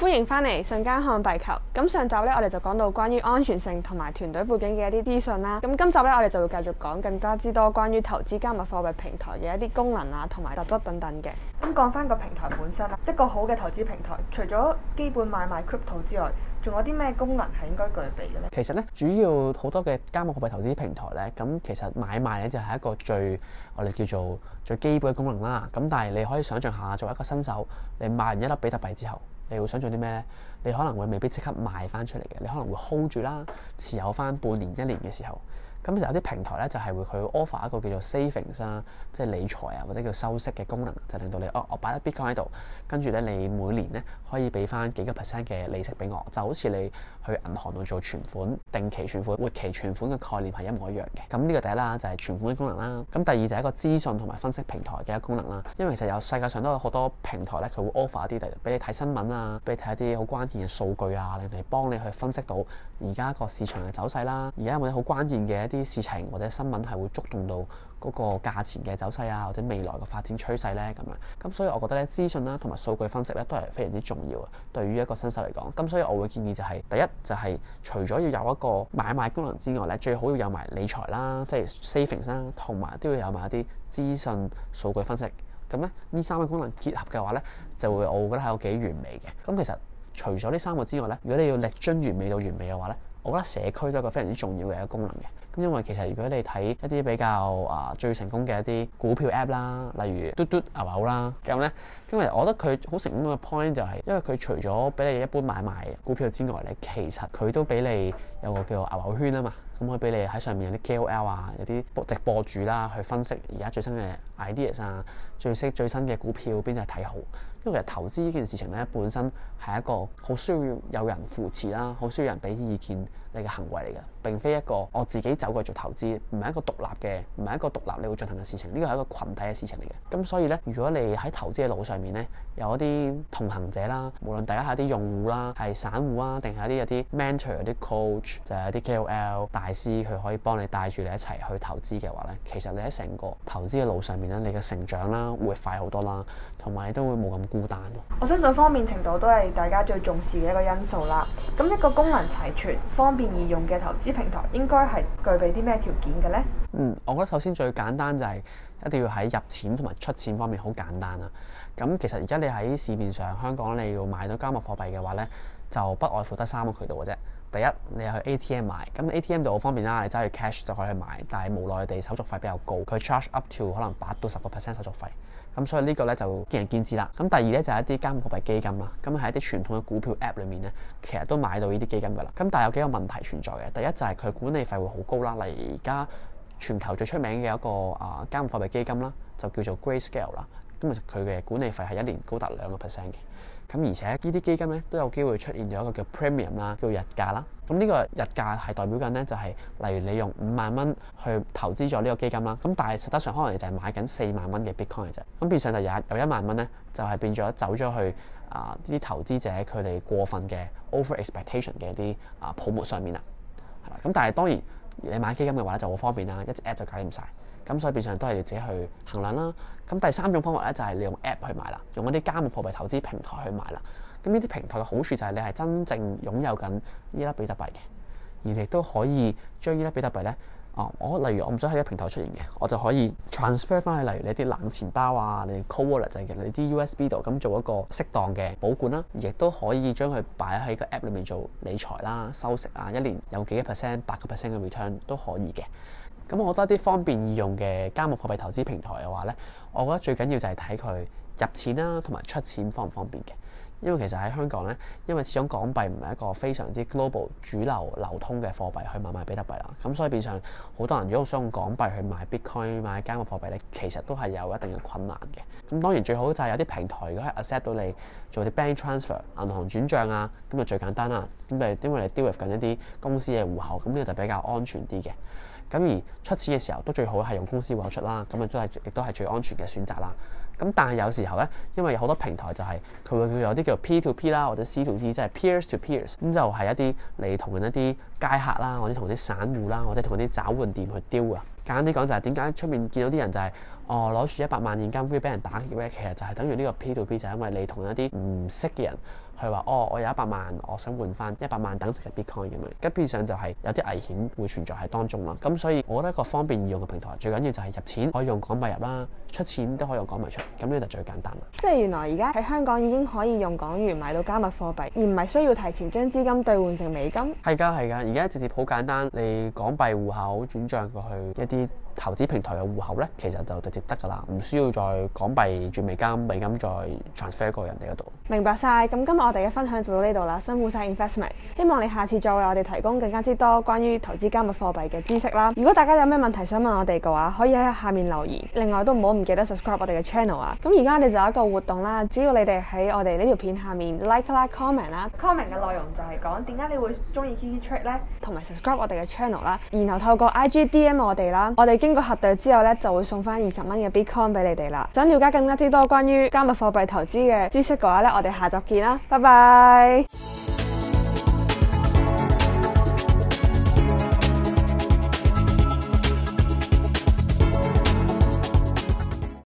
歡迎翻嚟，瞬間看幣球。咁上集咧，我哋就講到關於安全性同埋團隊背景嘅一啲資訊啦。咁今集咧，我哋就會繼續講更加之多關於投資加密貨幣平台嘅一啲功能啊，同埋特質等等嘅。咁講翻個平台本身啦， 一個好嘅投資平台，除咗基本買賣 Crypto 之外，仲有啲咩功能係應該具備嘅呢？其實咧，主要好多嘅加密貨幣投資平台咧，咁其實買賣咧就係一個最我哋叫做最基本嘅功能啦。咁但係你可以想象下，作為一個新手，你買完一粒比特幣之後。你會想做啲咩咧？你可能會未必即刻賣翻出嚟嘅，你可能會 hold 住啦，持有翻半年一年嘅時候。咁其實有啲平台咧就係會佢 offer 一個叫做 savings 啦，即係理財啊或者叫收息嘅功能，就令到你哦，我擺粒 Bitcoin 喺度，跟住咧你每年咧可以俾翻幾個 percent 嘅利息俾我，就好似你去銀行度做存款、定期存款、活期存款嘅概念係一模一樣嘅。咁呢個第一啦就係存款嘅功能啦。咁第二就係一個資訊同埋分析平台嘅一個功能啦。因為其實有世界上都有好多平台咧，佢會 offer 一啲俾你睇新聞啊，俾你睇一啲好關鍵嘅數據啊，嚟幫你去分析到而家個市場嘅走勢啦。而家有冇好關鍵嘅啲事情或者新聞係會觸動到嗰個價錢嘅走勢啊，或者未來嘅發展趨勢呢。咁樣。咁所以我覺得咧，資訊啦同埋數據分析呢，都係非常之重要嘅，對於一個新手嚟講。咁所以我會建議就係，第一就係除咗要有一個買賣功能之外呢，最好要有埋理財啦，即係 saving 啦，同埋都要有埋一啲資訊數據分析。咁咧呢三個功能結合嘅話呢，就會我會覺得係有幾完美嘅。咁其實除咗呢三個之外呢，如果你要力臻完美到完美嘅話呢。我覺得社區都係一個非常之重要嘅一個功能嘅，咁因為其實如果你睇一啲比較啊、呃、最成功嘅一啲股票 App 啦，例如嘟嘟牛牛啦，咁咧，因為我覺得佢好成功嘅 point 就係，因為佢除咗俾你一般買賣股票之外咧，其實佢都俾你有個叫做牛牛圈啊嘛，咁可以俾你喺上面有啲 KOL 啊，有啲直播主啦去分析而家最新嘅 ideas 啊，最識最新嘅股票邊隻係睇好。因為其實投資呢件事情咧，本身係一個好需要有人扶持啦，好需要有人俾意見你嘅行為嚟嘅。並非一個我自己走過去做投資，唔係一個獨立嘅，唔係一個獨立你要進行嘅事情。呢個係一個群體嘅事情嚟嘅。咁所以呢，如果你喺投資嘅路上面呢，有一啲同行者啦，無論大家係啲用戶啦，係散戶啊，定係一啲有啲 mentor、有啲 coach，就係有啲 KOL 大師，佢可以幫你帶住你一齊去投資嘅話呢，其實你喺成個投資嘅路上面呢，你嘅成長啦會快好多啦，同埋你都會冇咁孤單，我相信方便程度都係大家最重視嘅一個因素啦。咁一個功能齊全、方便易用嘅投資平台，應該係具備啲咩條件嘅呢？嗯，我覺得首先最簡單就係一定要喺入錢同埋出錢方面好簡單呀。咁其實而家你喺市面上，香港你要買到加密貨幣嘅話呢，就不外乎得三個渠道嘅啫。第一，你去 ATM 買，咁 ATM 就好方便啦。你走去 cash 就可以去買，但係無奈地手續費比較高，佢 charge up to 可能八到十個 percent 手續費。咁所以個呢個咧就見仁見智啦。咁第二咧就係、是、一啲加密貨幣基金啦。咁喺一啲傳統嘅股票 app 裏面咧，其實都買到呢啲基金㗎啦。咁但係有幾個問題存在嘅。第一就係佢管理費會好高啦。例如而家全球最出名嘅一個啊加密貨幣基金啦，就叫做 Grayscale 啦。今日佢嘅管理費係一年高達兩個 percent 嘅，咁而且呢啲基金咧都有機會出現咗一個叫 premium 啦，叫日價啦。咁呢個日價係代表緊咧，就係例如你用五萬蚊去投資咗呢個基金啦，咁但係實質上可能就係買緊四萬蚊嘅 Bitcoin 嘅啫。咁變相就有一有一萬蚊咧，就係變咗走咗去啊呢啲投資者佢哋過分嘅 over expectation 嘅啲啊泡沫上面啦。係啦，咁但係當然。你買基金嘅話咧就好方便啦，一隻 app 就搞掂唔曬，咁所以變相都係你自己去衡量啦。咁第三種方法咧就係你用 app 去買啦，用一啲加密貨幣投資平台去買啦。咁呢啲平台嘅好處就係你係真正擁有緊依粒比特幣嘅，而亦都可以將依粒比特幣咧。哦，我、oh, 例如我唔想喺呢個平台出現嘅，我就可以 transfer 翻去例如你啲冷錢包啊，你 cold wallet、er、就係你啲 USB 度咁做一個適當嘅保管啦、啊，亦都可以將佢擺喺個 app 裏面做理財啦、啊、收息啊，一年有幾多 percent、八個 percent 嘅 return 都可以嘅。咁我覺得一啲方便易用嘅加密貨幣投資平台嘅話咧，我覺得最緊要就係睇佢入錢啦同埋出錢方唔方便嘅。因為其實喺香港咧，因為始終港幣唔係一個非常之 global 主流流通嘅貨幣去買賣比特幣啦，咁所以變相好多人如果想用港幣去買 Bitcoin 買加密貨幣咧，其實都係有一定嘅困難嘅。咁當然最好就係有啲平台如果係 accept 到你做啲 bank transfer 銀行轉帳啊，咁就最簡單啦。咁誒，因為你 deal with 緊一啲公司嘅戶口，咁呢個就比較安全啲嘅。咁而出錢嘅時候都最好係用公司戶口出啦，咁啊都係亦都係最安全嘅選擇啦。咁但係有時候咧，因為有好多平台就係佢會有啲叫 P to P 啦，或者 C to C，即係 peers to peers，咁就係一啲你同一啲街客啦，或者同啲散戶啦，或者同嗰啲找換店去丟啊。簡單啲講就係點解出面見到啲人就係哦攞住一百萬現金去俾人打劫咧？其實就係等於呢個 P to P，就係因為你同一啲唔識嘅人。佢話：哦，我有一百萬，我想換返一百萬等值嘅 Bitcoin 咁樣，咁變相就係有啲危險會存在喺當中啦。咁所以，我覺得一個方便易用嘅平台，最緊要就係入錢可以用港幣入啦，出錢都可以用港幣出，咁呢就最簡單啦。即係原來而家喺香港已經可以用港元買到加密貨幣，而唔係需要提前將資金兌換成美金。係㗎，係㗎，而家直接好簡單，你港幣戶口轉帳過去一啲。投資平台嘅戶口咧，其實就直接得噶啦，唔需要再港幣轉美金，美金再 transfer 過人哋嗰度。明白晒，咁今日我哋嘅分享就到呢度啦，辛苦晒 investment，希望你下次再為我哋提供更加之多關於投資加密貨幣嘅知識啦。如果大家有咩問題想問我哋嘅話，可以喺下面留言。另外都唔好唔記得 subscribe 我哋嘅 channel 啊。咁而家我哋就有一個活動啦，只要你哋喺我哋呢條片下面 like 啦 comment 啦，comment 嘅內容就係講點解你會中意 Kitty Trick 咧，同埋 subscribe 我哋嘅 channel 啦，然後透過 IG DM 我哋啦，我哋。經過核對之後咧，就會送翻二十蚊嘅 Bitcoin 俾你哋啦。想了解更加之多關於加密貨幣投資嘅知識嘅話咧，我哋下集見啦，拜拜。